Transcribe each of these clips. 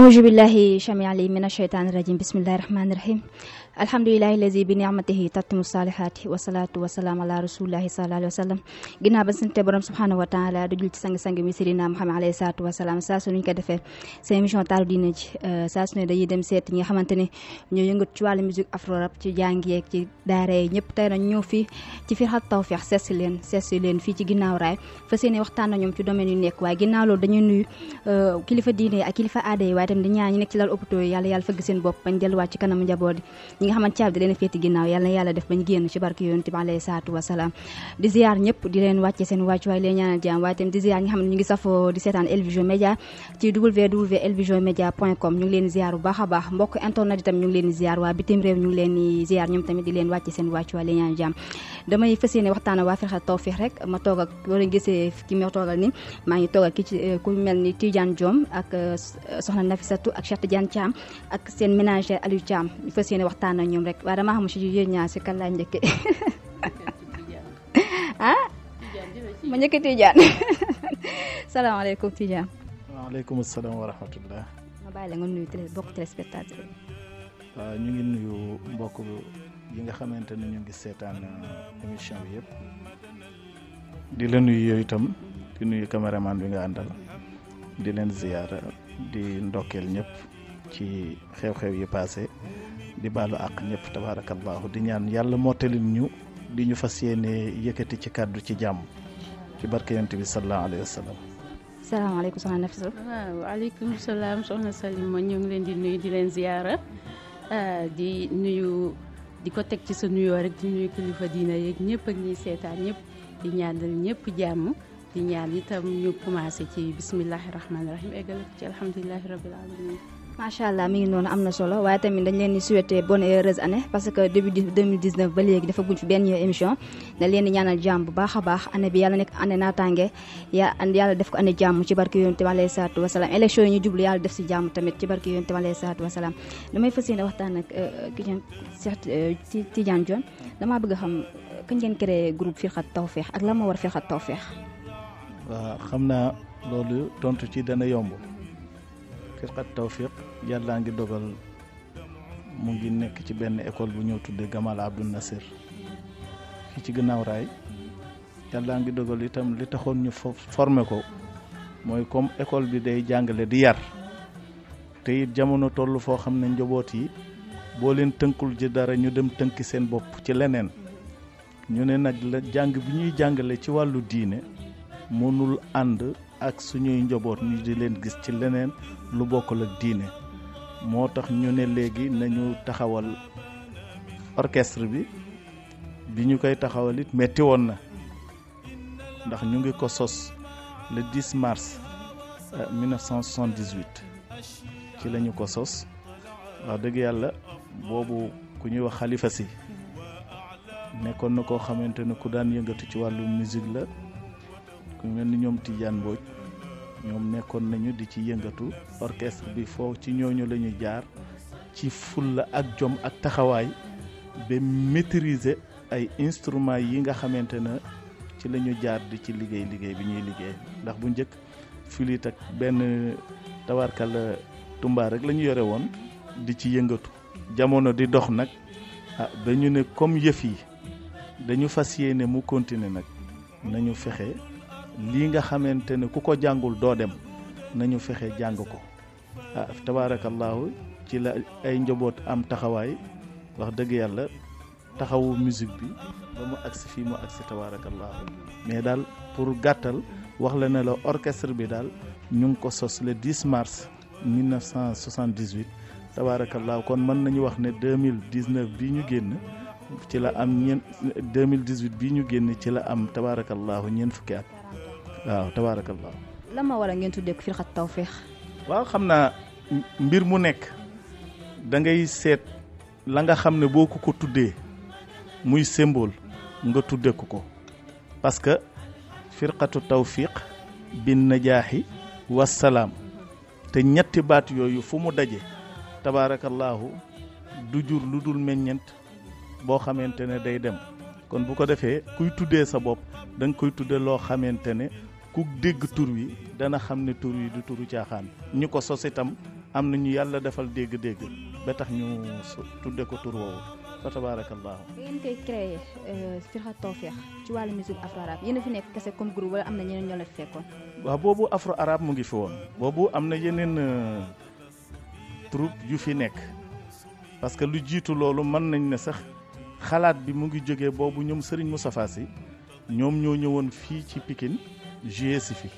أعوذ بالله شميع علي من الشيطان الرجيم بسم الله الرحمن الرحيم alhamdulilahi lazi bi niamatihi tattimu saalihaati wasalaatu wasalaam ala rasulillahi sallallahu alayhi wa sallam ginnaaw subhanahu wa taala ci sang-sang mi Muhammad alayhi salaatu wasalaam saa su ñu ko defee seen émission taaru diine ji euh, saa su ne dañuy dem seet ñi nga xamante ne ñoo yëngatu ci wàllu musique afro rap ci jàngeeg ci daara yi ñëpp tey nañ ñëw fii ci Firqat Tawfiq seet si leen seet si leen fii ci ginnaaw raay fa seen waxtaan na ci domaine yu nekk waaye ginnaaw loolu dañuy nuyu euh, kilifa diine ak kilifa aada yi waaye tamit di ñaan ñi nekk ci nga xamante caabi da leen féeti ginnaaw yàlla na yàlla def bañ ci barke yonent bi alayhi salaatu wasalaam di ziar ñëpp di leen wàcce seen wàccu waaye leen ñaanal jàmm waaye tamit di ziar a ñoom tamit di leen wàcce seen wàccu waaye leen ñaanal jàmm damay fas yéene waxtaan waa Firqat Tawfiq toog ak wala ma toogal ki eh, mel ni Tidiane Diom ak eh, soxna Nafisatu ak seen ménager Aliou Thiam fas yéene waxtaan no ñum rek wara ma xamu ci jigéen ñaasi kan laa njëkke ah ma njëkke tijaan salaamaaleykum tijaan waaleykum assalam wa rahmatullah ma bàyyi la nga nuyu télé bokk téléspectateur waaw ñu ngi nuyu mbokk yi nga xamante ne ñu ngi seetaan ah, émission bi yëpp di la nuyu yooyu itam di nuyu caméraman bi nga àndal di leen ziyaara di ndokkeel ñëpp ci xew-xew yi passé di baalu àq ñëpp tabaarakallaahu di ñaan yàlla mottalil ñu di ñu fa yéene yëkkati ci kàddu ci jàmm ci barke yonent bi sallallahu alayhi wa sallam salaamaaleykum soxna Nafisa waaw waaleykum salaam soxna Salima ñu ngi leen di nuyu di leen ziyaara ah, di nuyu di ko teg ci sa nuyoo rek di nuyu kilifa diina yeeg ñëpp ak ñiy seetaan ñëpp di ñaan ñaanal ñëpp jàmm di ñaan itam ñu commencé ci bismillahi rahmaani rahim eggal ci alhamdulilahi rabbil alamin macha allah mi ngi noonu am na solo waaye tamit dañ leen di souhaiter bonne et heureuse parce que début 2019 ba léegi dafa guñ fi benn émission da leen di ñaanal jàmm bu baax a baax année bi yàlla nekk année naataange ya yàlla def ko année jàmm ci barke yonent bi alayhi salaatu wasalaam élection yi ñu jublu yàlla def si jàmm tamit ci barke yonent bi alayhi salaatu wasalaam damay fas yéene waxtaan ak euh, ki ngeen Cheikh euh, Tidiane Dione damaa bëgg a ak lan moo war Firqat Tawfekh waaw xam naa loolu tontu ci dana yomb Firqat yàllaa ngi dogal mu ngi nekk ci benn école bu ñëw tuddee Gamal Abdou Nasser fii ci ginnaaw raay yàllaa ngi dogal itam li taxoon ñu formé ko mooy comme école bi day jàngale di yar te jamono toll foo xam ne njaboot yi boo leen tënkul ji dara ñu dem tënki seen bopp ci leneen ñu ne nag la jàng bi ñuy jàngale ci wàllu diine mënul ànd ak suñuy njaboot ñu di leen gis ci leneen lu bokkul ak diine moo tax ñu ne léegi nañu taxawal orchestre bi bi ñu koy taxawalit it metti woon na ndax ñu ngi ko sos le 10 mars 1978 euh, ci lañu ko sos wax dëgg yàlla boobu ku ñuy wax xalifa si nekkoon na koo xamante ne ku daan yëngatu ci wàllu musique la ku mel ni ñoom Tidiane Mbodj ñoom nekkoon nañu di ci yëngatu orchestre bi foo ci ñooñu la jaar ci fulla ak jom ak taxawaay ba maîtriser ay instruments yi nga xamante ne ci lañu jaar di ci liggéey liggéey bi ñuy liggéey ndax bu njëkk filit ak benn tawarkal euh, tumbaa rek la yore woon di ci yëngatu jamono di dox nag dañu ah, ne comme yëf yi dañu fas yéene mu continuer nag nañu fexe lii nga xamante ne ku ko jàngul doo dem nañu fexe jàng ko ah tabaarakallaahu ci la ay njaboot am taxawaay wax dëgg yàlla taxawu musique bi ba mu agsi fii mu agsi tabaarakallaahu mais daal pour gàttal wax la ne la orchestre bi daal ñu ngi ko sos le 10 mars 1978 tabaarakallaahu kon mën na ñu wax ne 2019 bii ñu génn ci la am ñeent 2018 bii ñu génn ci la am tabaarakallaahu ñeent fukki at waaw tabaarakallah. lan ma war a ngeen tuddee ko firqat tawfiix. waaw xam naa mbir mu nekk da ngay seet la nga xam ne boo ko ko tuddee muy symbole nga tuddee ko ko parce que firqatu tawfiq bin najaaxi wassalaam te ñetti baat yooyu fu mu daje tabaarakallaahu du jur lu dul meññent boo xamante ne day dem kon bu ko defee kuy tuddee sa bopp da nga koy tudde loo xamante ne ku dégg tur wi dana xam ne tur wi du turu caaxaan ñu ko sos itam am na ñu yàlla defal dégg-dégg ba tax ñu tudde ko tur woowu fa tabarakallahu ngeen koy créé euh, firxa tawfiq ci wàllu musique afro arab yéen fi nekk kese comme groupe wala am na ñeneen ñoo la fekkoon waaw boobu afro arab mu ngi fi woon boobu am na yeneen euh, troupe yu fi nekk parce que lu jiitu loolu mën nañ ne sax xalaat bi mu ngi jógee boobu ñoom sëriñ Moustapha si ñoom ñoo ñëwoon fii ci Pikine joué si fi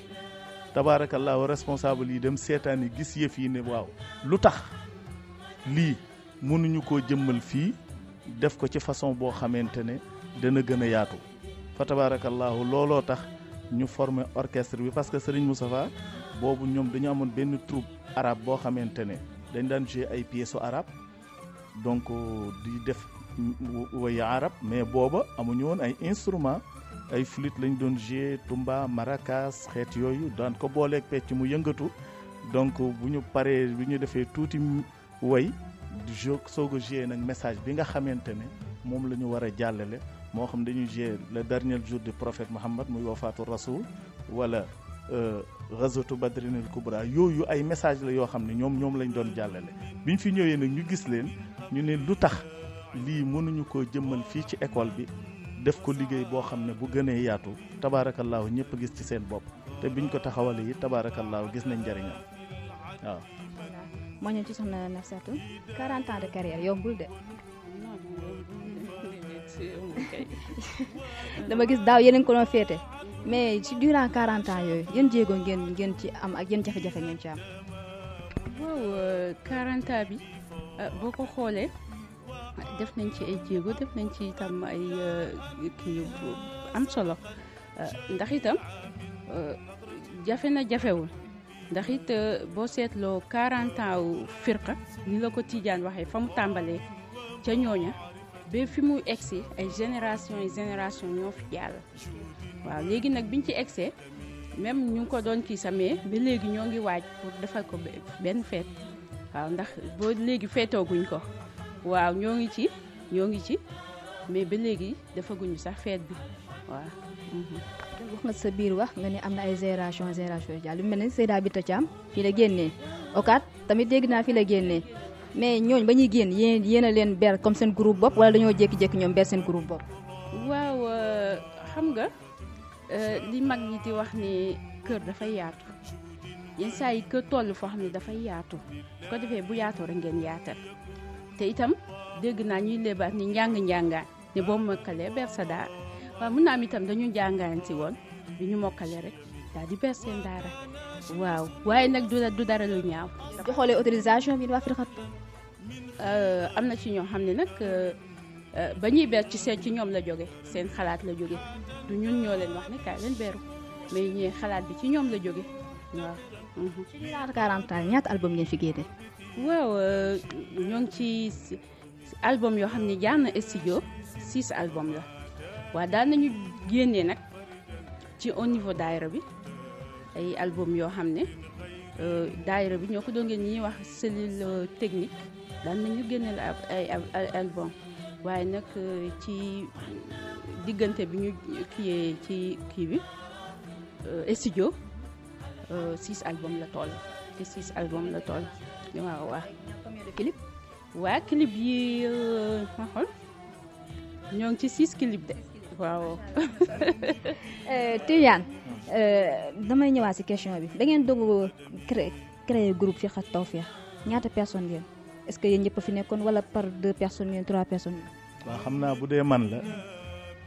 tabaarakallaahu responsable yi dem seetaan gis yëf yi ne waaw lu tax lii mënuñu koo jëmmal fii def ko ci façon boo xamante ne dana gën a yaatu fa tabaarakallaahu looloo tax ñu former orchestre bi parce que Serigne Moustapha boobu ñoom dañu amoon benn troupe arabe boo xamante ne dañ daan joué ay pièces arabe donc euh, di def way arab mais booba amuñu woon ay instrument ay flûte lañ doon jouer tumba maracas xeet yooyu daan ko booleeg pecc mu yëngatu donc bu ñu paree bu ñu defee tuuti way jo soog a jouer nag message bi nga xamante ne moom la ñu war a jàllale moo xam dañuy jouer le dernier jour du prophète Muhammad muy wafaatu rasoul wala euh, ghazwatu badrinil kubra yooyu ay message la yoo xam ne ñoom ñoom lañ doon jàllale biñ fi ñëwee nag ñu gis leen ñu ne lu tax lii mënuñu ko jëmmal fii ci école bi def ko liggey bo xamne bu gënee yaatu tabarakallah ñepp gis ci seen bop te biñ ko taxawale yi tabarakallah gis nañ njëriñam waaw. mo ñu ci soxna setu 40 ans de carrière yombul de. dama gis daw yeneen ko no fété mais ci durant 40 ans yoy yeen djégo ngeen ngeen ci am ak yeen jafé jafé ngeen ci am. waaw 40 ans bi ah, boko xolé def nañ ci ay jéego def nañ ci itam ay euh, kii am solo euh, ndax itam euh, jafe na jafewul ndax it boo seetloo 40 ans wu firqa ni la ko tiijaan waxee fa mu tàmbalee ca ñooña ba fi muy egsi ay génération yi génération ñoo fi jàll waaw léegi nag biñ ci egsee même ñu ngi ko doon kii samee ba léegi ñoo ngi waaj pour defal ko benn feet waaw ndax boo léegi feetooguñ ko waaw ñoo ngi ci ñoo ngi ci mais ba léegi defaguñu sax feet bi waaw. Mm-hmm. wax nga sa biir wax nga ne am na ay génération génération jaal lu mel ne Seyda Bita Thiam fii la génnee okaat tamit dégg naa fii la génnee mais ñooñ ba ñuy génn yéen yéen a leen ber comme seen groupe bopp wala dañoo jékki-jékki ñoom ber seen groupe bopp. waaw euh, xam nga euh, li mag ñi di wax ni kër dafay yaatu yenn saa yi kër toll foo xam ne dafa yaatu su defee bu yaatoo rek ngeen yaatal. te itam dégg naa ñuy léebaat ni njàng njàngaan ni boo mokkalee ber sa daara waaw mun naa itam dañuy njàngaan si woon bi ñu mokkale rek daal di ber seen daara waaw waaye nag du du dara lu ñaaw. di xoolee autorisation bi waa Firxatun. Euh, am na ci ñoo xam ne nag euh, euh, ba ñuy ber ci seen ci ñoom la jóge seen xalaat la jóge du ñun ñoo leen wax ne kaay leen beru mais ñee xalaat bi ci ñoom la jóge waaw. Mhm. ci diiwaanu 40 album ngeen fi génne. waaw euh, ñoo ngi ci album yoo xam ne jaan na studio six album la waa daal nañu génne nag ci au niveau daayira bi ay album yoo xam ne euh, daayira bi ñoo ko doon ngeen ñuy wax cellule euh, technique daal nañu génneel ay album waaye nag ci diggante bi ñu kiyee ci kii bi studio. 6 album la toll te six album la toll ma wa clip wa clip yi ma xol ñoo ci six clip de waaw euh damay ñëwaat ci question bi da ngeen dog créer groupe fi xat tawfi ñaata personne ngeen est ce que yeen ñëpp fi nekkon wala par deux personnes ngeen trois personnes wa xamna bu man la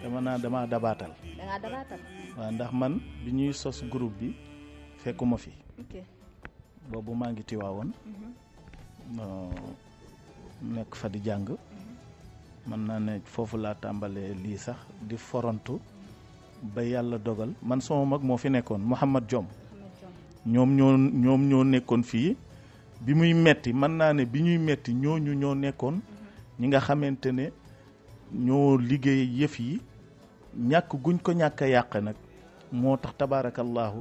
dama na dama dabatal da nga dabatal wa ndax man biñuy sos groupe bi fekkuma fi. boobu maa ngi tiwaawoon. Mhm. nekk fa di jàng. Mhm. mën naa ne foofu laa tàmbalee lii sax di forontu ba yàlla dogal man sama mag moo fi nekkoon Mouhamad Diom ñoom ñoo ñoom ñoo nekkoon fii bi muy metti mën naa ne bi ñuy metti ñooñu ñoo nekkoon mhm. ñi nga xamante ne ñoo liggéey yëf yi ñàkk guñ ko ñàkk yàq nag moo tax tabaarakallaahu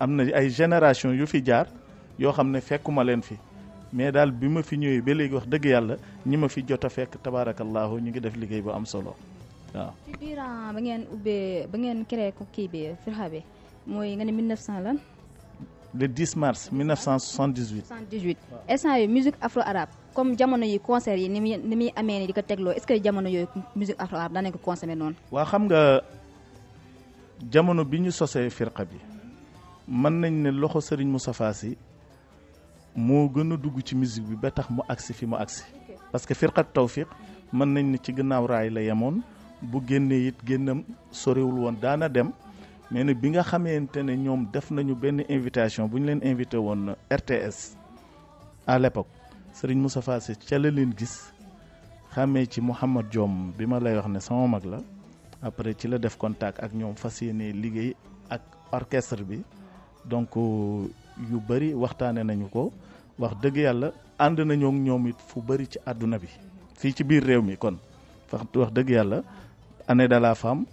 am na ay génération yu fi jaar yoo xam ne fekkuma leen fi mais daal bi ma fi ñëwee ba léegi wax dëgg yàlla ñi ma fi jot a fekk tabaarakallaahu ñu ngi def liggéey bu am solo waaw. ci biir ba ngeen ubbee ba ngeen créé ko kii bi firxa bi mooy nga ne 1900 lan. le 10 mars 1978. 78 instant yii musique afro arabe comme jamono yi concert yi ni muy ni muy amee ni di ko tegloo est ce que jamono yooyu musique afro arabe daan nañ ko consommer noonu. waa xam nga jamono bi ñu sosee firqa bi. mën nañ ne loxo sëriñ Moustapha moo gën a dugg ci musique bi ba tax mu agsi fi mu agsi parce que firqat tawfiq mën nañ ne ci gannaaw raay la yemoon bu génnee it génnam soriwul woon daana dem mais nag bi nga xamante ne ñoom def nañu benn invitation bu ñu leen invité woon RTS à l'époque sëriñ Moustapha ca la leen gis xàmmee ci Mouhamad Diom bi ma lay wax ne sama mag la après ci la def contact ak ñoom fas yéene liggéey ak orchestre bi donc euh, yu bëri waxtaane nañu ko wax dëgg yàlla ànd nañoo ñoom it fu bari ci àdduna bi fii ci biir réew mi kon wax dëgg yàlla année de la femme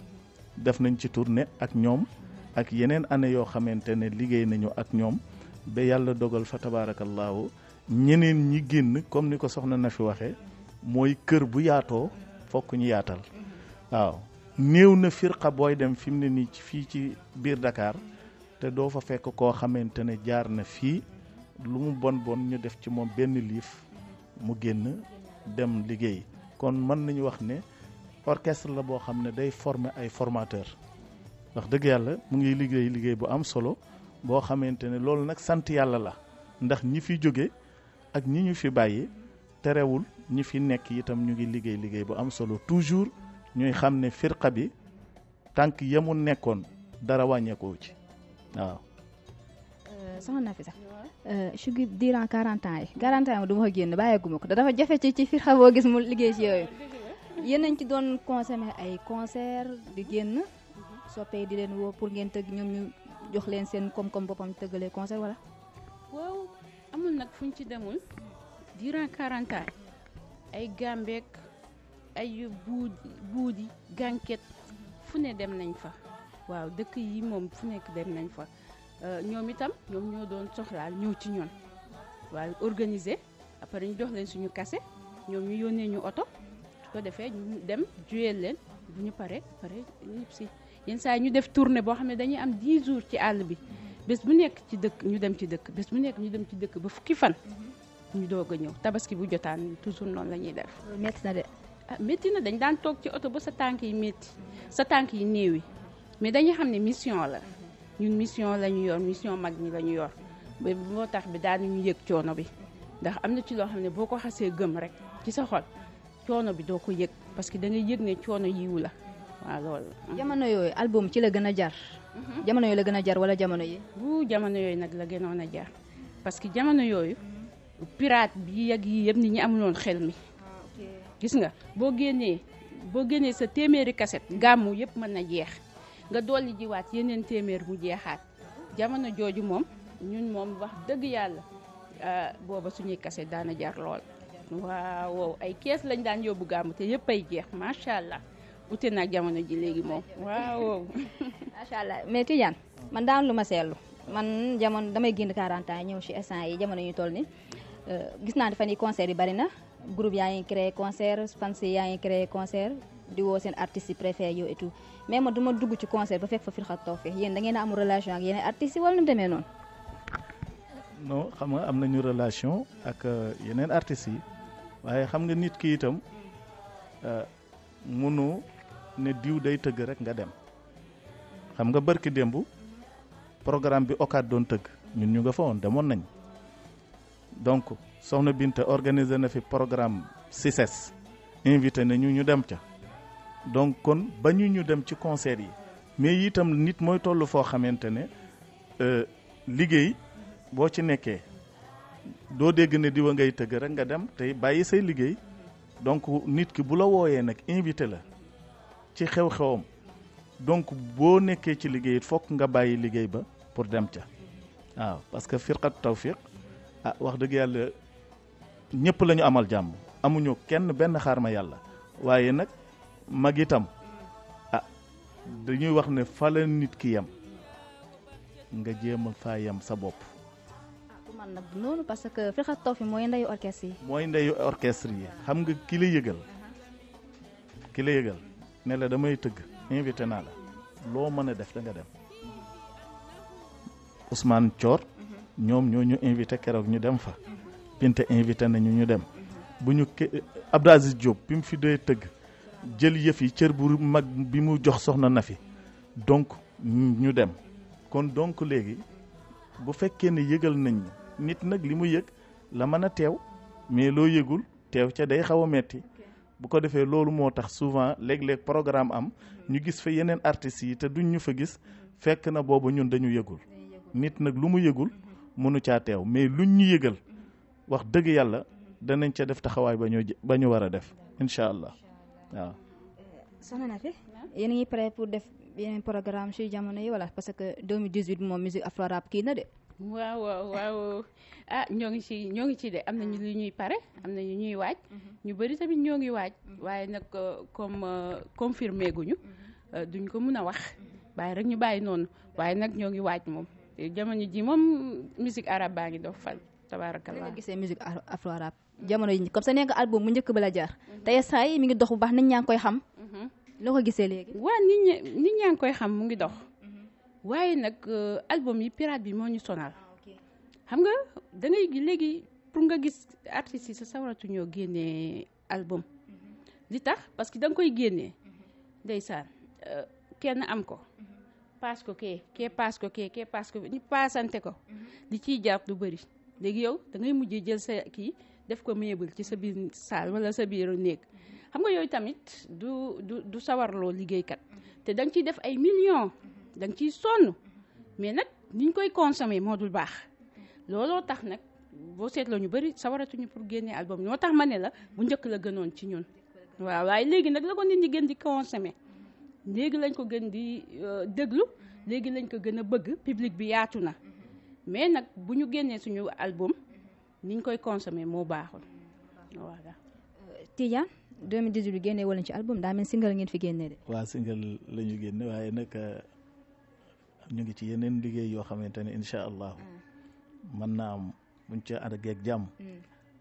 def nañ ci turne ak ñoom ak yeneen année yoo xamante ne liggéey nañu ak ñoom ba yàlla dogal fa tabaarakallaahu ñeneen ñi génn comme ni ko soxna na fi waxee mooy kër bu yaatoo fokk ñu yaatal waaw néew na firqa booy dem fi mu ne nii fii ci biir dakaar te doo fa fekk koo xamante ne jaar na fii lu mu bon bon ñu def ci moom benn liif mu génn dem liggéey kon mën nañu wax ne orchestre la boo xam ne day former ay formateur ndax dëgg yàlla mu ngi liggéey liggéey bu am solo boo xamante ne loolu nag sant yàlla la ndax ñi fi jóge ak ñi ñu fi bàyyi terewul ñi fi nekk itam ñu ngi liggéey liggéey bu am solo toujours ñuy xam ne firqa bi tànk yamu nekkoon dara wàññeekoo ci waaw. Euh, euh, soxna Nafi sax euh, sugu durant 40 yi 40 ans yi du ma ko génn bàyyeeguma ko dafa jafe ci ci fii xawoo gis mu liggéey ci yooyu yéen nañ ci doon consommer ay concert di génn soppee di leen woo pour ngeen tëgg ñoom ñu jox leen seen koom-koom boppam tëggalee concert wala. waaw amul nag fuñ ci demul durant 40 ans ay Gambek ay buudi buudi gànket fu ne dem nañ fa. waaw dëkk yi moom fu nekk dem nañ fa euh, ñoom itam ñoom ñoo doon soxlaal ñëw ci ñoon waaw organiser après ñu jox leen suñu kase ñoom ñu yónnee ñu oto su ko defee ñu dem juyeel leen bu ñu pare pare si yenn saa ñu def tournée boo xam ne dañuy am 10 jours ci àll bi bés bu nekk ci dëkk ñu dem ci dëkk bés bu nekk ñu dem ci dëkk ba fukki fan ñu doog a ñëw tabaski bu jotaan toujours noonu la ñuy def. métti na de. Ah, métti na dañ daan toog ci oto ba sa tànk yi métti sa tànk yi néew yi mais dañu xam ne mission la ñun mission la ñu yor mission mag ñi la ñu yor ba moo tax bi daal ñu yëg coono bi ndax am na ci loo xam ne boo ko xasee gëm rek ci sa xol coono bi doo ko yëg parce que da ngay yëg ne coono yiwu la waaw loolu. Mhm. jamono yooyu album ci la gën a jar. Mhm. jamono yooyu la gën a jar wala jamono yi. bu jamono yooyu nag la gënoon a jar parce que jamono yooyu pirate bi yàgg yi yëpp nit ñi amuloon xel mi. Ah, gis nga boo génnee boo génnee sa téeméeri kaset gàmmu yëpp mën na jeex. nga dolli jiwaat yeneen téeméer mu jeexaat jamono jooju moom ñun moom wax dëgg yàlla ah, booba suñuy kase daana jar lool waaw ay kees lañ daan yóbbu gàmmu te yëpp ay jeex macha allah ute nag jamono ji léegi moom waaw. macha allah mais Tidiane man daan lu ma seetlu man jamono damay génn 40 ans ñëw ci instant yi jamono ñu toll ni euh, gis naa ne fan yi concert yi bari na groupe yaa ngi créé concert fans yaa ngi créé concert di woo seen artistes yi préféré yow et tout ma duma dugg ci concert ba fekk fa Firqat Tawfiq yéen da a am relation ak yeneen artistes yi wala nu mu demee xam nga am nañu relation ak euh, yeneen artistes waaye xam nga nit ki itam euh, munu ne diw day tëgg rek nga dem xam nga barki démb programme bi okaat doon tëgg ñun ñu nga fa woon demoon nañ donc soxna Binta organiser na fi programme CICES invité ñu ñu dem ca donc kon bañu ñu dem ci concert yi mais itam nit mooy toll foo xamante ne euh, liggéey boo ci nekkee doo dégg ne diwa ngay tëgg rek nga dem tey bàyyi say liggéey donc nit ki bu la wooyee nag invité la ci xew-xewam donc boo nekkee ci liggéey it fokk nga bàyyi liggéey ba pour dem ca waaw parce que firqat tawfiq ah wax dëgg yàlla ñëpp lañu amal jàmb amuñoo kenn benn xaar ma yàlla waaye nag mag itam a ah, dañuy wax ne fale nit ki yem nga jéem a faa yem sa bopp. Ah, man nag parce que Firqat Tawfi mooy ndeyu orchestre yi. mooy ndeyu orchestre yi xam nga ki la yëgal ki la ne la damay tëgg invité naa la loo mën a def da nga dem Ousmane Thior ñoom ñoo ñu invité keroog ñu dem fa Pinte invité nañu ñu dem bu ñu Abdou Aziz Diop bi tëgg. jël yëf yi cër bu mag bi mu jox soxna na fi donc ñu dem kon donc léegi bu fekkee ne yëgal nañ nit nag li mu yëg la mën a teew mais loo yëgul teew ca day xaw a metti bu ko defee loolu moo tax souvent léeg-léeg programme am ñu gis fa yeneen artistes yi te duñ ñu fa gis fekk na boobu ñun dañu yëgul nit nag lu mu yëgul mënu caa teew mais luñ ñu yëgal wax dëgg yàlla danañ ca def taxawaay ba ñu ba ñu war a def incha allah waaw. Ah. Eh, soxna na fi yéen ngi prêt pour def yeneen programme si jamono yi wala parce que 2018 moom musique afro rap kii na de. waaw waaw ah ñoo ngi ci ñoo ngi ci de am na nañu ah. lu ñuy pare am ñu ñuy waaj. Mhm. ñu bëri tamit ñoo ngi waaj. Mhm. waaye nag euh, comme euh, confirmé guñu. Mhm. Euh, duñ ko mën a wax. bàyyi rek ñu bàyyi noonu waaye nag ñoo ngi waaj moom te jamono ji moom musique arabe baa ngi dox fan tabarakallah nga gisee musique afro arabe. jamono yi comme sa album mu ñëk belajar. Mhm. tay say mi ngi dox bu baax nit ñang koy xam mhm. lo ko gisé légui wa nit ñi nit ñang koy xam mu ngi dox mhm. nak euh, album yi pirate bi mo ñu sonal ah, xam nga da ngay légui pour nga gis artiste yi sa sawaratu ñoo génné album li tax parce que dang koy génné ndeysaan euh, kenn am ko pass ko kee kee pass ko kee kee pass ko ñu passanté ko di ci jaar du bari légui yow da ngay mujjé jël sa ki def ko meuble ci sa biir saal wala sa biir néeg xam nga yooyu tamit du du du sawarloo liggéeykat te da ciy def ay millions da nga ciy sonn mais nag niñ koy consommer moo dul baax looloo tax nag boo seetloo ñu bëri sawaratuñu pour génnee album moo tax ma ne la bu njëkk la gënoon ci ñun waaw waaye léegi nag la ko nit ñi gën di consommer léegi lañ ko gën di euh, déglu léegi lañ ko gën a bëgg public bi yaatu na mais nag bu ñu génnee suñu album niñ koy consommer moo baaxul voilà. Tidiane 2018 bi génne wala ci album daa mel single ngeen fi génne de. waaw single la génne waaye nag euh, ñu ngi ci yeneen liggéey yoo xamante ne incha allah. Mm. mën naa am buñ ca ànd ak jàmm. Mm.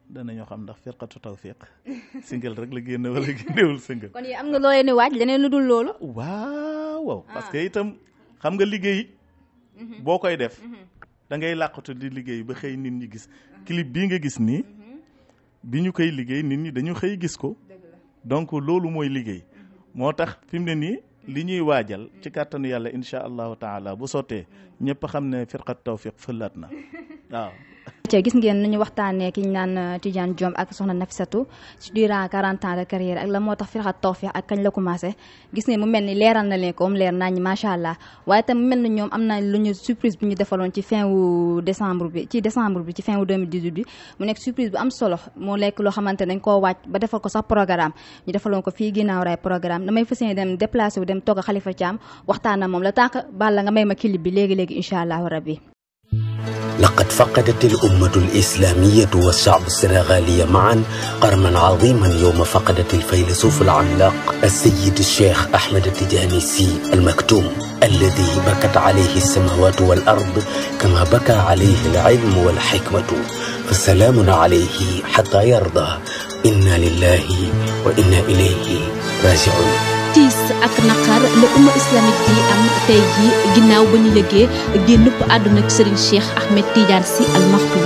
danañoo xam ndax firqatu tawfiq single rek la génne wala génnewul single. kon yow am nga looy waaj leneen lu dul loolu. waaw waaw ah. que itam xam nga liggéey. Mm-hmm. boo koy def. Mm-hmm. da ngay làqatu di liggéey ba xëy nit ñi gis clip bii nga gis nii mhm. bi ñu koy liggéey nit ñi dañu xëy gis ko donc loolu mooy liggéey mhm. moo tax fi mu ne nii li ñuy waajal ci mhm. kàttanu yàlla incha allahu taala bu sottee ñëpp xam ne firqat tawfiq fëlaat na waaw ci gis ngeen nu ñu waxtaanee ki ñu naan euh, Tidiane Diom ak soxna Nafisatu ci durant 40 ans de carrière ak la moo tax Firqat Tawfiq ak kañ la commencé gis ne mu mel ni leeral na leen koo mu leer naa ñi macha allah waaye tam mu mel na ñoom am na lu ñu surprise bu ñu defaloon ci fin wu bi ci décembre bi ci fin wu mu nekk surprise bu am solo moo lekk loo xamante dañ koo wàcc ba defal ko sax programme ñu defaloon ko fii ginnaaw raay programme damay fas yéene dem déplacé wu dem toog a Khalifa Thiam waxtaan moom la tànk bàlla nga may ma clip bi léegi-léegi incha allahu rabbi لقد فقدت الأمة الإسلامية والشعب السنغالي معا قرما عظيما يوم فقدت الفيلسوف العملاق السيد الشيخ أحمد التجانيسي المكتوم الذي بكت عليه السماوات والأرض كما بكى عليه العلم والحكمة فسلام عليه حتى يرضى إنا لله وإنا إليه راجعون tiis ak naqar la umma islamique bi am tey ji ginnaaw ba ñu yëgee génnub àdduna ak Serigne Cheikh Ahmed Tidiane Sy Al Maktoum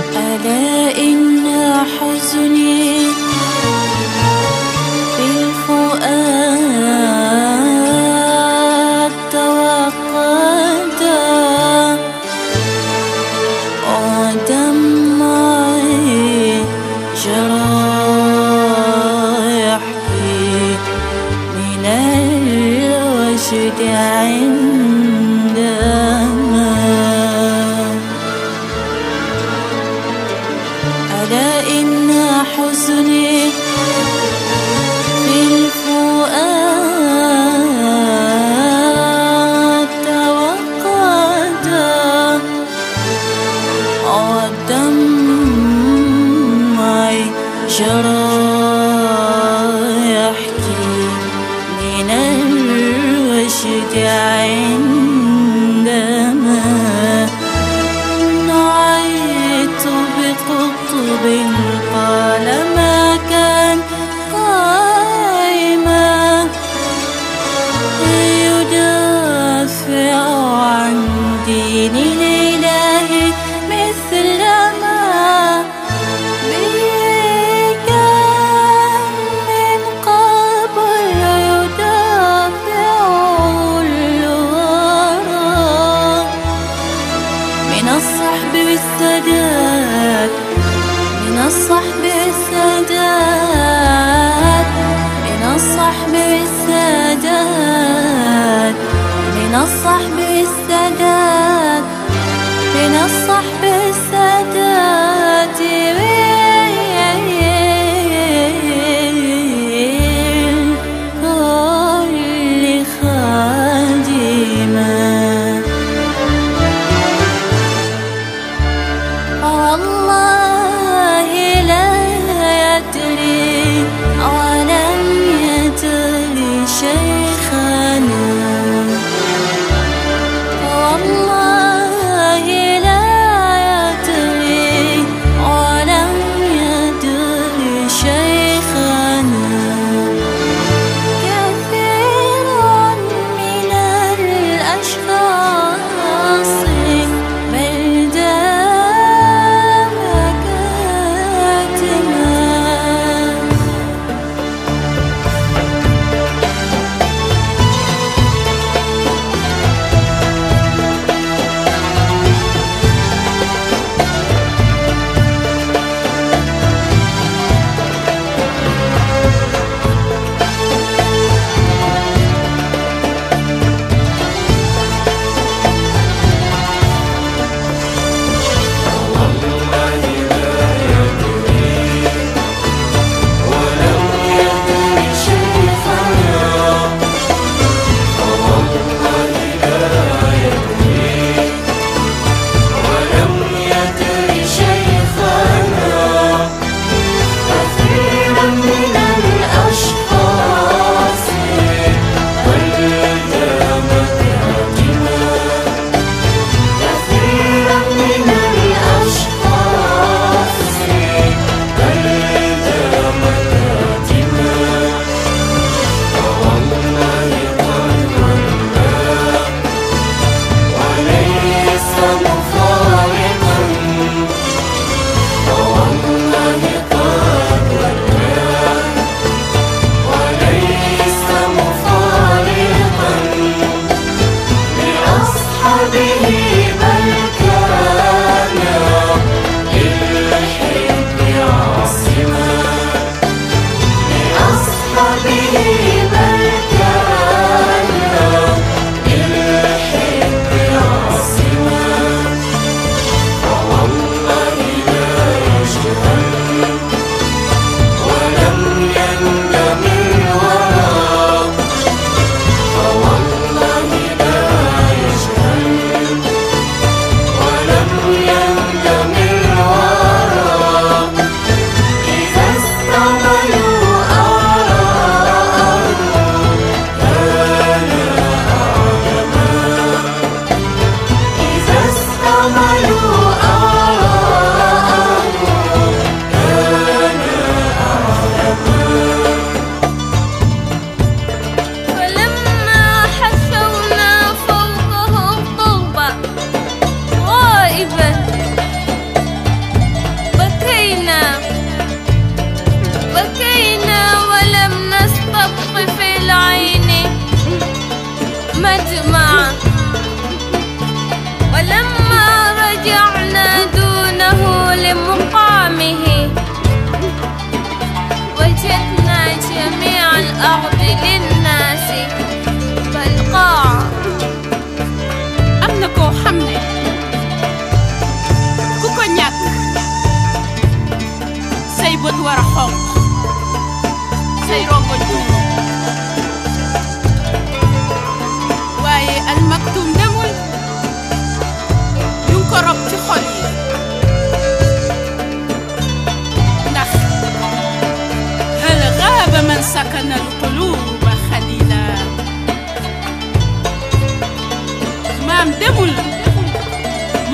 الصحب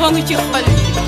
он утихомирит.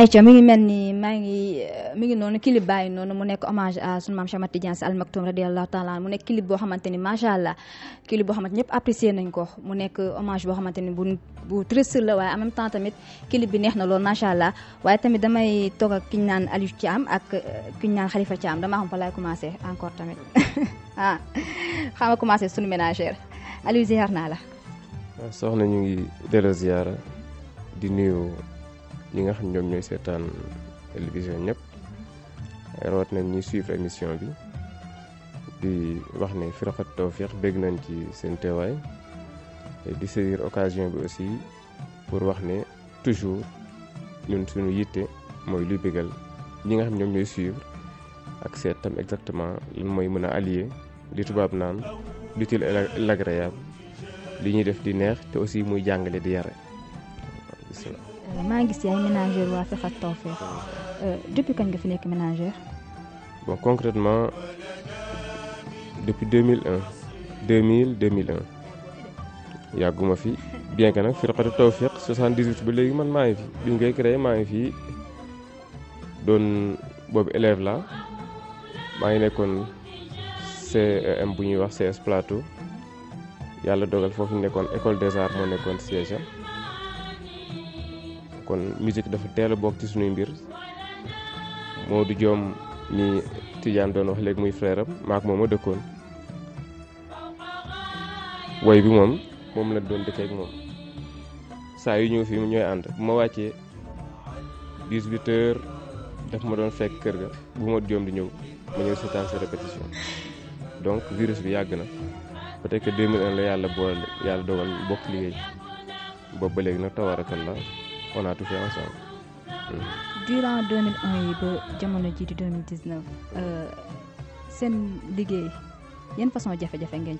Aïcha mi ngi mel ni maa ngi euh, mi ngi mu nekk hommage à sunu maam Cheikh Ahmad Tidiane Sy Al Maktoum radiyallahu taala mu nekk ni macha allah clip boo xamante ñëpp apprécié nañ ko mu nekk hommage boo xamante ni bu bu triste waaye tamit na lool macha allah damay toog ak ki ñu naan Aliou Thiam ak euh, ki ñu naan Khalifa Thiam damaa xam fa commencé encore tamit ah xam nga sunu ménagère Aliou ziar naa la. soxna ñu ngi delloo ziar di nuyu. ñi nga xam ñoom ñooy seetaan télévision ñëpp rawat nañ suivre émission bi wax saisir occasion aussi pour wax toujours ñun suñu yitte mooy ñi suivre ak exactement li allier li ñuy def di neex aussi muy jàngale di euh, maa gis yaay ménagère waa Fexal Tawfekh euh, depuis kañ nga fi nekk ménager bon concrètement depuis 2001 2000 2001 yàgguma fi bien que nag Firqatu Tawfekh 78 ba léegi man maa ngi fi bi ñu koy créé maa ngi fi doon boobu élève la maa ngi nekkoon CEM bu ñuy wax CS Plateau yàlla dogal foofu nekkoon école des arts moo nekkoon siège kon musique dafa teel a bokk ci suñuy mbir Modou Diom mi Tidiane doon wax léegi muy frère am maak moom a dëkkoon woy bi moom moom la doon dëkkee moom saa yu ñëw fii ñooy ànd bu ma wàccee 18 heures daf ma doon fekk kër ga bu Modou joom di ñëw ma ñëw seetaan sa répétition donc virus bi yàgg na peut-être que 2001 la yàlla boole yàlla dogal bokk liggéey boobu ba léegi nag tawarakal la on a tout fait ensemble. durant 2001 et 2019 façon de faire des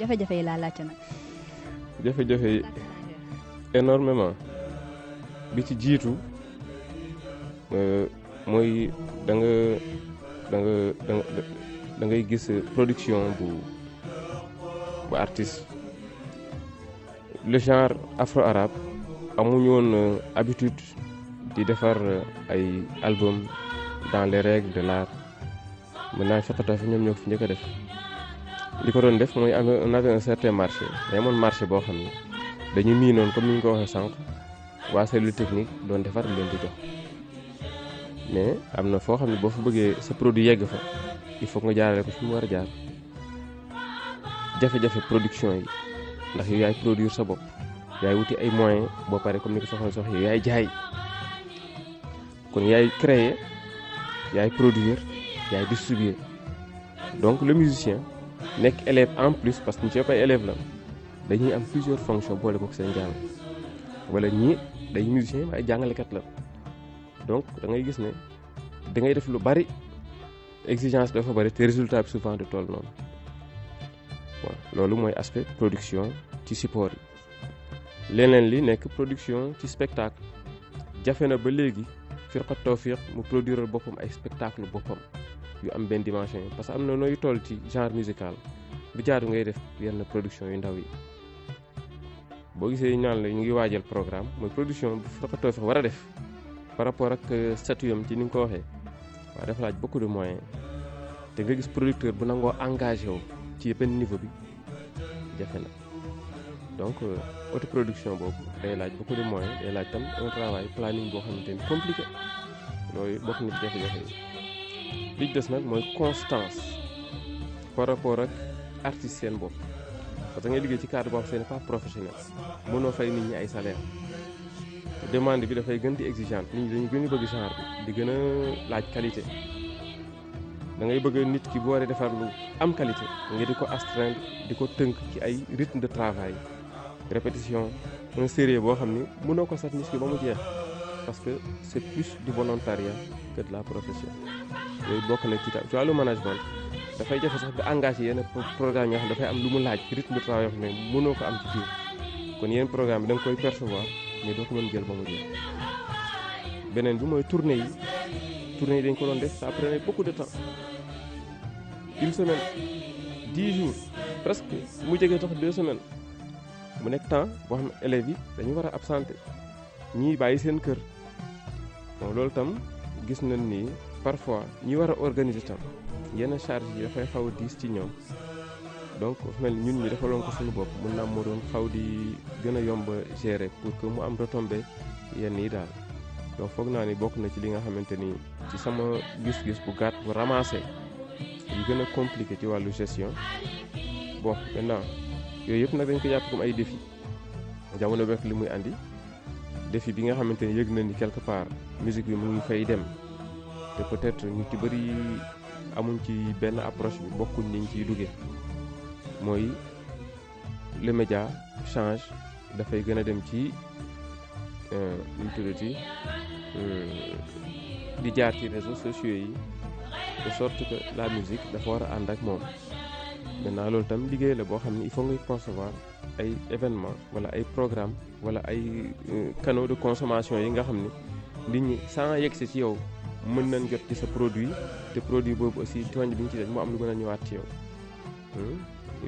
choses. am. des énormément bi ci euh, da nga da production du le genre afro-arabe. amuñu woon euh, habitude di defar euh, ay album dans les règles de l'art maintenant Fexe fi ñoom ñoo ko njëkk a def li ko doon def mooy on avait un certain moon marché boo xam ne dañu miinoon comme ni ñu ko waxee sànq waa cellule technique doon defar leen di am na foo xam ne boo fu bëggee sa produit yegg fa i faut nga jaarale ko fi mu war a jaar jafe-jafe production yi ndax yow yaay produire sa bopp. yaay wuti ay moyens bo paree comme ni ko soxna sox yaay jaay kon yaay créer yaay produire yaay distribuer donc le musicien nek élève en plus parce que ni ci pas élève la dañuy am plusieurs fonctions le ko sen jàng wala ni day musicien waaye jàngalekat la donc da ngay gis ne da ngay def lu bari exigence dafa bari te résultat bi souvent de tol non voilà lolu moy aspect production ci support leneen li nekk production ci spectacle jafe ba produire spectacle yu am dimension parce que genre musical bu jaadu ngay def production yu ndaw yi la programme production par rapport ak euh, statut ci ni beaucoup de moyens te producteur bu ci niveau donc euh, autoproduction boobu day laaj beaucoup de moyens day laaj tam un travail planning boo xamante ni compliqué loolu bokk na ci jafe-jafe yi li des nag mooy constance par rapport ak artiste seen bopp parce ngay liggéey ci cadre boo xam ne pas professionnel mënoo fay nit ñi ay salaire demande bi dafay gën di exigeante nit ñi dañu gën a bëgg genre di gën a laaj qualité da ngay bëgg nit ki bu waree defar lu am qualité nga di ko astreindre di ko tënk ci ay rythme de travail répétition une série, bo xamni mëno ko sat ki ba mu jeex parce que c'est plus du volontariat que de la profession yooyu bokk na ci ci le management fay jafé sax bi engagé yenn programme yoo xam dafay am lu mu laaj rythme de travail mais mëno ko am ci biir kon yenn programme bi dang koy percevoir mais do ko mën jël ba mu jeex benen bi moy tournée yi tournée yi dañ ko don def ça prenait beaucoup de temps une semaine dix jours presque mu jege tax deux semaines mu nekk temps boo xam ne élèves yi dañu war a absenté ñii bàyyi seen kër bon loolu tam gis nañ ni parfois ñi war a organiser tam yenn charge yi dafay xaw diis ci ñoom donc mel ñun ñi defaloon ko suñu bopp mun naa moo doon xaw di gën a yomb gérer pour que mu am retombé yenn yi daal donc foog naa ni bokk na ci li nga xamante ni ci sama gis-gis bu gàtt bu ramassé yu gën a compliqué ci wàllu gestion bon maintenant yooyu yëpp dañ ko comme ay défi jamono bekk li muy andi défi bi nga xamante ni quelque part musique bi mu dem peut-être ñu ci bëri amuñ ci approche beaucoup bokkuñ niñ ciy duggee mooy le média change dafay gën a dem ci euh, euh, di réseaux sociaux de sorte que la musique dafa war a ànd ak maintenant loolu tam liggéey la boo xam ne il faut ngay concevoir ay événement wala ay programme wala ay euh, canaux de consommation yi nga xam ne nit ñi sans yegsi ci yow mën nañ jot ci sa produit te produit boobu aussi tooñ bi ñu ci def mu am lu mën a ñëwaat ci yow hmm?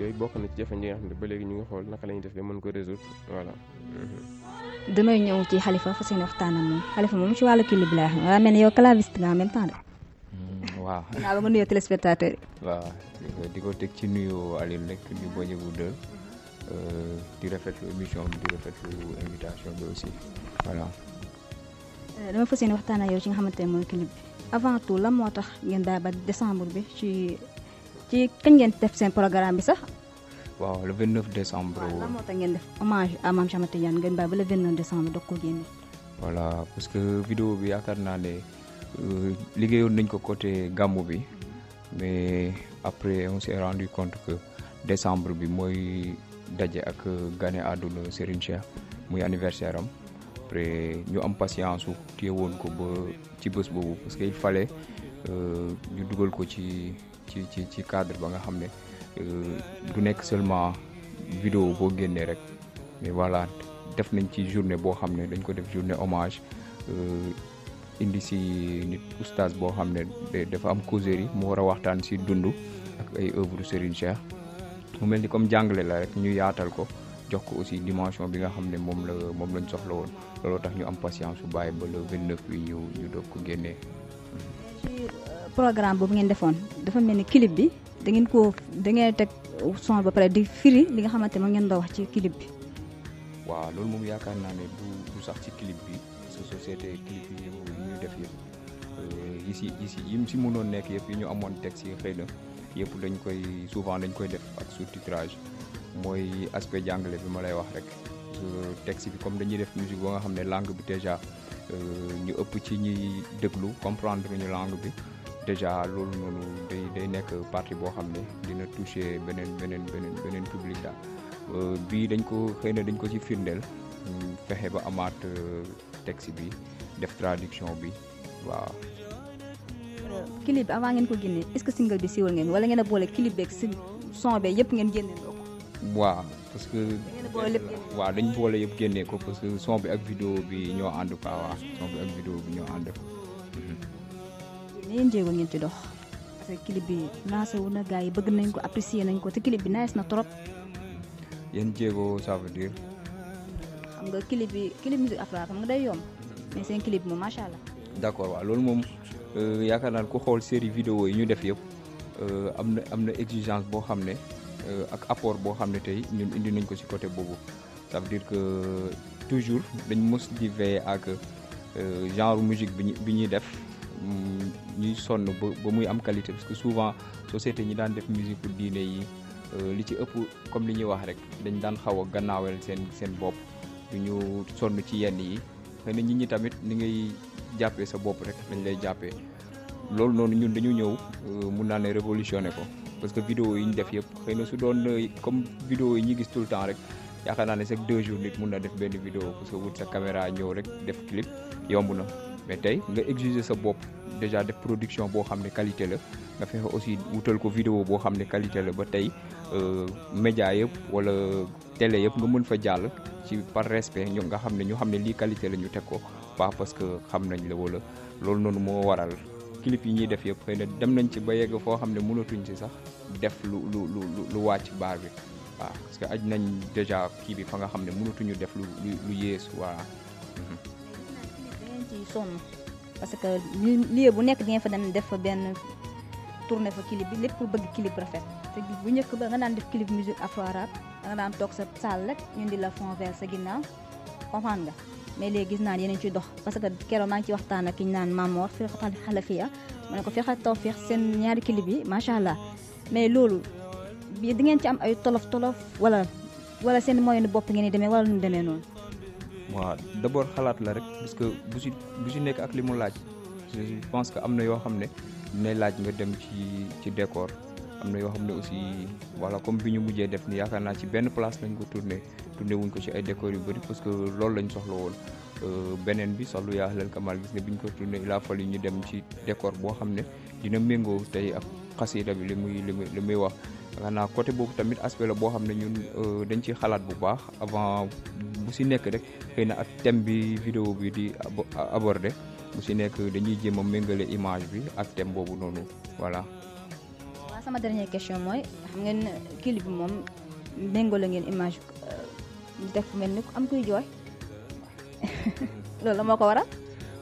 yooyu bokk na ci jafe yi nga xam ne ba léegi ñu ngi xool naka la def ba mën ko résoudre voilà. Hmm. damay ñëw ci xalifa fa seen waxtaanam moom xalifa moom ci wàllu clip bi laa xam ne mel ni yow claviste nga en même temps de. Hmm, waaw. naa ba ma nuyoo téléspectateur waaw di ko teg ci nuyu Alioune rek ñu bañ a guddal di rafetlu émission bi di rafetlu invitation bi aussi voilà. Euh, dama fas yéene waxtaan ak yow ci nga xamante ne mooy clip bi avant tout lan moo tax ngeen bàyyi ba décembre bi ci ci kañ ngeen def seen programme bi sax. waaw le 29 décembre. waaw lan moo tax ngeen def hommage à Mame Cheikh ngeen bàyyi ba le 29 décembre doog ko génne. voilà parce que vidéo bi yaakaar naa ne euh, liggéeyoon nañ ko côté gàmmu bi mhm. après on s'est rendu compte que décembre bi mooy daje ak gane àdduna Serigne Cheikh muy anniversaire am après ñu am patience su woon ko ba ci bës boobu parce que il fallait euh, ñu dugal ko ci ci ci ci cadre ba nga xam ne euh, du nekk seulement vidéo boo génnee rek mais voilà def nañ ci journée boo xam ne dañ ko def journée hommage euh, indi si nit oustaz bo xamne dafa am causerie mo wara waxtan si dundu ak ay œuvre Serigne Cheikh mu melni comme jangale la rek ñu yaatal ko jox ko aussi dimension bi nga xamne mom la mom lañ soxla won lolu tax ñu am patience su bàyyi ba le 29 wi ñu ñu doog ko ci euh, programme bu ngeen defoon dafa melni clip bi da ngeen ko da ngeen tek son ba pare di firi li nga xamante mo ngeen do wax ci clip bi waaw lolu mom yaakaar naa ne du du sax ci clip bi su société clip yi ñu ñuy def euh, yi si yi si yim mënoon nekk yëpp yi ñu amoon texte yi xëy na yëpp dañ koy souvent dañ koy def ak sous-titrage mooy aspect jàngale bi ma lay wax rek euh, texte bi comme dañuy def musique ba nga xam ne langue bi déjà euh, ñu ëpp ci ñuy déglu comprendre ñu langue bi déjà loolu noonu day nekk partie boo xam ne dina toucher beneen beneen beneen beneen public daal bii dañ ko xëy dañ ko ci firndeel hmm, fexe ba amaat texte bi def traduction bi waaw clip avant ngeen ko génne est ce que single bi siiwal ngeen wala ngeen a boole clip beeg si son beeg yëpp ngeen génne ko waaw parce que waaw dañ boole yëpp génne ko parce que son bi ak vidéo bi ñoo ànd quoi waaw son bi ak vidéo bi ñoo ànd ngeen jéego ngeen ci dox parce que clip bi lancé wu na gars yi bëgg nañ ko apprécier nañ ko te clip bi nice na trop yéen jéego ça veut dire xam nga clip bi clip musique afro xam nga day yomb mais seen clip moom macha allah. d' accord waaw loolu moom euh, yaakaar naa ku xool série vidéo yi ñu def yëpp euh, am na am na exigence boo xam ne euh, ak apport boo xam ne tey ñun indi nañ ko si côté boobu ça veut dire que toujours dañ mos di veiller ak genre musique bi ñuy def mm, ñuy sonn ba ba muy am qualité parce que souvent société ñi daan def musique pour diine yi li ci ëpp comme li ñuy wax rek dañ daan xaw a gannaawel seen seen bopp. du ñu sonn ci yenn yi xëy na nit ñi tamit ni ngay jàppee sa bopp rek dañ lay jàppee loolu noonu ñun dañu ñëw euh, mun naa ne révolutionné ko parce que vidéo yi ñu def yëpp xëy na su doon euh, comme vidéo yi ñu gis tout temps rek yaakaar naa ne chaque deux jours nit mun na def benn vidéo parce que wut sa caméra ñëw rek def clip yomb na mais tey nga exiger sa bopp déjà def production boo xam ne qualité la nga fexe aussi wutal ko vidéo boo xam ne qualité la ba tey euh, média yëpp wala télé yëpp nga mën fa jàll ci par respect ñu nga xam ne ñu xam ne lii qualité la ñu teg ko pas parce que xam nañ la wala loolu noonu moo waral clip yi ñuy def yëpp xëy na dem nañ ci ba yegg foo xam ne mënatuñ ci sax def lu lu lu lu wàcc baar bi waaw parce que aj nañ déjà kii bi fa nga xam ne mënatuñu def lu lu lu waa nekk di nga fa dem def benn tourner fa clip bi lepp pour bëgg clip rafet té bu ñëk ba nga naan def clip musique afro arab da nga naan tok sa salle rek ñu di la fond vert sa ginnaw comprendre nga mais légui gis naan yeneen ci dox parce que kéro ma ngi ci waxtaan ak ñu naan Mamor firqatan xalafiya ma ne ko firqat tawfiq sen ñaari clip yi sha allah mais lolu bi di ngeen ci am ay tolof tolof wala wala sen moyen bop ngeen di wala ñu démé non wa d'abord xalaat la rek parce que bu ci bu ci nek ak limu laaj je pense que amna yo xamné ne laaj nga dem ci ci décor am na yoo xam ne aussi voilà comme bi ñu mujjee def ni yaakaar naa ci benn place lañ ko tourné tourné wuñ ko ci ay décor yu bëri parce que loolu lañu soxla woon euh, beneen bi sallu yaa ahlal kamal gis ne bi ko tourné il a fallu ñu dem ci décor boo xam ne dina méngoo tey ak xasida bi li muy li muy muy wax xanaa côté boobu tamit aspect la boo xam ne ñun euh, dañ ciy xalaat bu baax avant bu si nekk rek xëy na ak thème bi vidéo bi di abordé bu si nekk dañuy jéem a méngale image bi ak thème boobu noonu voilà. waaw sama dernière question mooy xam ngeen clip bi moom méngale ngeen image bi euh, def mel ni am kuy jooy loolu moo ko waral.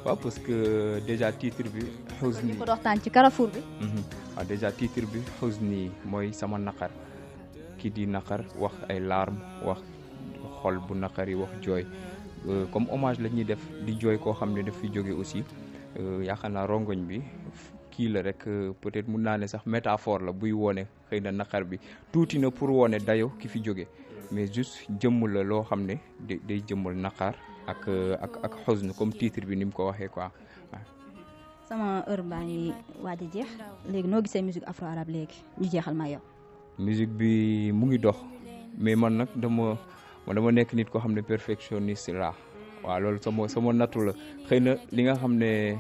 waaw parce que euh, déjà titre bi. xuzni ñu ko ci Carrefour bi. waaw mhm. ah, déjà titre bi xuzni mooy sama naqar kii di naqar wax ay larmes wax xol bu naqar yi wax jooy. Euh, comme hommage à def di joy ko xamné daf aussi euh, rongogn bi ki la rek euh, peut-être une sax métaphore la buy woné xeyna bi pour woné dayo ki fi mais juste des la lo xamné day ak ak ak comme titre bi nim ko quoi sama heure musique afro arabe légui musique bi mu ngi mais man man dama nekk nit koo xam ne perfectionniste la waaw loolu sama sama nattu la xëy na li nga xam ne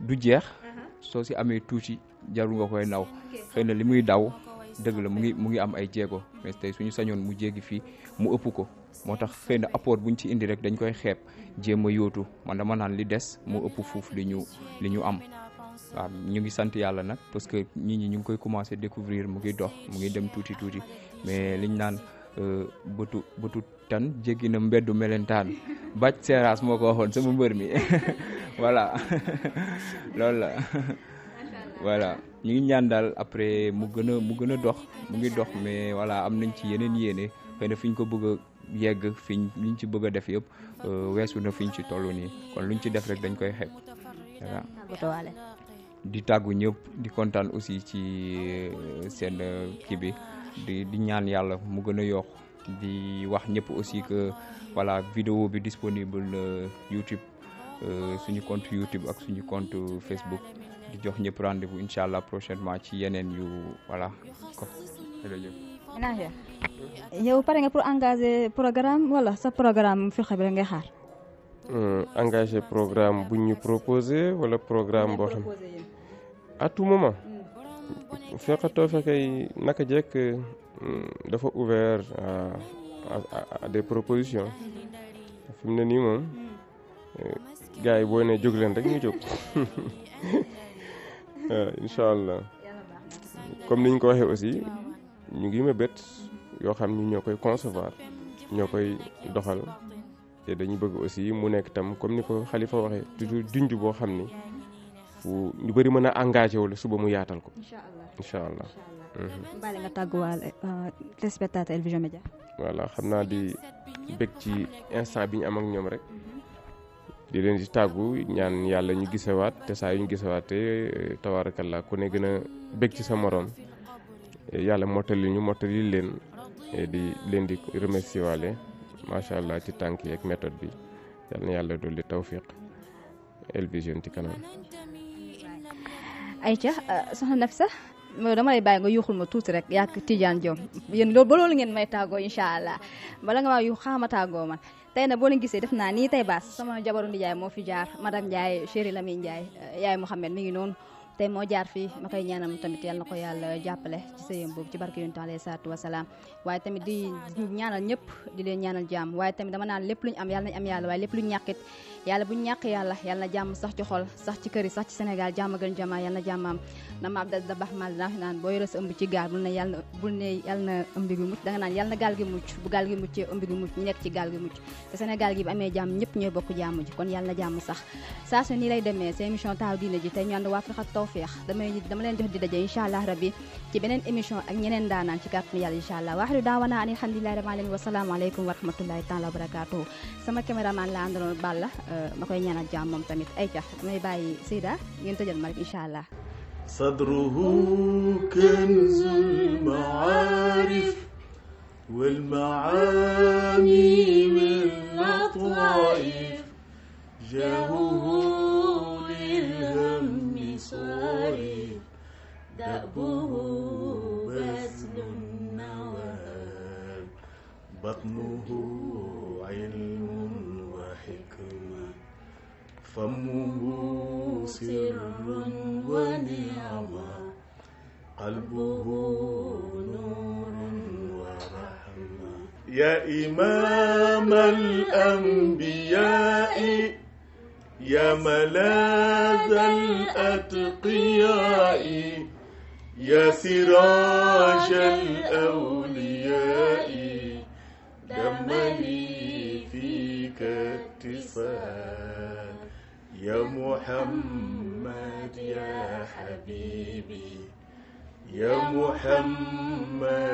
du jeex uh-huh. soo si amee tuuti jarul nga koy naw xëy na li muy daw dëgg la mu ngi mu ngi am ay jéego mais tey suñu sañoon mu jéggi fii mu ëpp ko moo tax xëy na apport buñ ci indi rek dañ koy xeep jéem a ma man dama naan li des mu ëpp fuuf li ñu li ñu am. waaw ñu ngi sant yàlla nag parce que nit ñi ñu ngi koy commencé découvrir mu ngi dox mu ngi dem tuuti tuuti mais liñ naan Euh, bëtu bëtu tan jéggi na mbeddu melentaan bàcc seeraas moo ko waxoon sama mbër mi voilà loolu la voilà ñu ngi ñaan daal après mu gën a mu gën a dox mu ngi dox mais voilà am nañ ci yeneen yéene xëy na ko bëgg yegg fiñ liñ ci bëgg a def yëpp euh, weesu na fiñ ci toll nii kon luñ ci def rek dañ koy xeeb di tàggu ñëpp di kontaan aussi ci euh, seen kii bi di di ñaan yalla mu gëna a di wax ñëpp aussi que voilà vidéo bi disponible euh, youtube euh, suñu compte youtube ak suñu compte facebook di jox ñëpp rendez-vous inshallah prochainement ci yenen yu voilà ko jërëjëf Nahia yow paré nga pour engager programme wala sa programme fi xabi nga xaar euh, engager programme bu ñu proposer wala programme bo xam à tout moment Feexatoo Fexe yi naka jekk mm, dafa ouvert à à des propositions fi mu ne nii moom eh, gars yi boo nee jóg leen rek ñu jóg incha allah comme niñ ko waxee aussi ñu ngi mébét yoo xam ni ñoo koy concevoir ñoo koy doxal te dañu bëgg aussi mu nekk tam comme ni ko xalifa waxee toujours junj boo xam ni. fu ñu bëri mën a engagé wu la suba mu yaatal ko. incha allah incha allah. Mhm. bàyyi nga tàgguwaale téléspectateur euh, El Vision Médias. voilà xam naa di bëgg ci instant bi ñu am ak ñoom rek. Mhm. di leen di tagu ñaan yàlla ñu gisewaat te saa yu ñu gisewaatee euh, tabaarakallaa ku ne gën a bëgg ci sa morom yàlla mottali ñu mottali leen di leen di remercier waale macha allah ci tànk yi ak méthode bi yàlla na di dolli tawfiq El ci kanam. ay ayca euh, soxna Nafisa dama lay bàyyi nga yuuxul ma tuuti rek yàgg Tidiane Diop yéen loolu ba loolu ngeen may tàggoo incha allah bala nga maa yu xaama tàggoo man tey na boo leen gisee def naa nii tey baas sama jabaru Ndiaye moo fi jaar madame Ndiaye chéri Lamine Ndiaye euh, yaay Mouhamed mi ngi noonu. te moo jaar fii ma koy ñaanal mu tamit yal na ko yàlla jàppale ci sëyam boobu ci barke yonent alayhi salaatu wasalaam waaye tamit di ñaanal ñëpp di leen na jàmm sax yi sax ci Sénégal jàmm gën jamaa yàlla na jàmm am ma abdal da baax mal naa fi naan boo yore sa da na gaal gi mucc bu gi muccee ëmb gi mucc ñu nekk gi mucc te gi bu amee jàmm ñëpp ñooy bokk jàmm ji kon yàlla na jàmm saa su nii lay demee seen émission taaw diine ji tey ñu ànd waa tawféex damay dama leen jox di daje incha allah rabbi ci beneen émission ak ñeneen daanaan ci kàttanu yàlla incha allah waaxidu daawana an alhamdulilahi rabbil alamin wasalaamaaleykum wa rahmatullahi taala wa barakatuhu sama caméraman la àndaloon Balla ma koy ñaanal jàmm moom tamit ay cax damay bàyyi Seyda ngeen tëjal ma rek incha allah صدره كنز المعارف والمعاني من لطائف جاهه لله سراج الأولياء دمني فيك اتصال يا محمد يا حبيبي يا محمد